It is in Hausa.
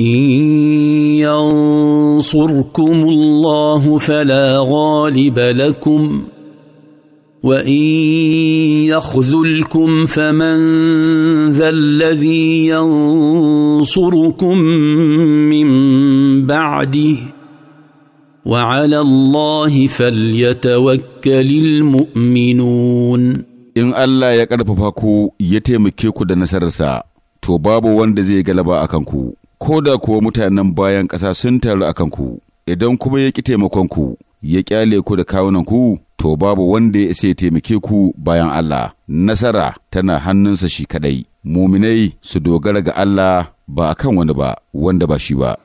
إن ينصركم الله فلا غالب لكم وإن يخذلكم فمن ذا الذي ينصركم من بعده وعلى الله فليتوكل المؤمنون إن الله يكرففكو يتمكيكو دا نسرسا تو بابو وان زي غلبا أكنكو ko da kuwa mutanen bayan ƙasa sun taru a kanku, idan kuma ya ƙi taimakonku, ya ƙyale ku da kawunanku, to babu wanda ya isa ya taimake ku bayan Allah. Nasara tana hannunsa shi kaɗai, muminai su dogara ga Allah ba a kan wani ba, wanda ba shi ba.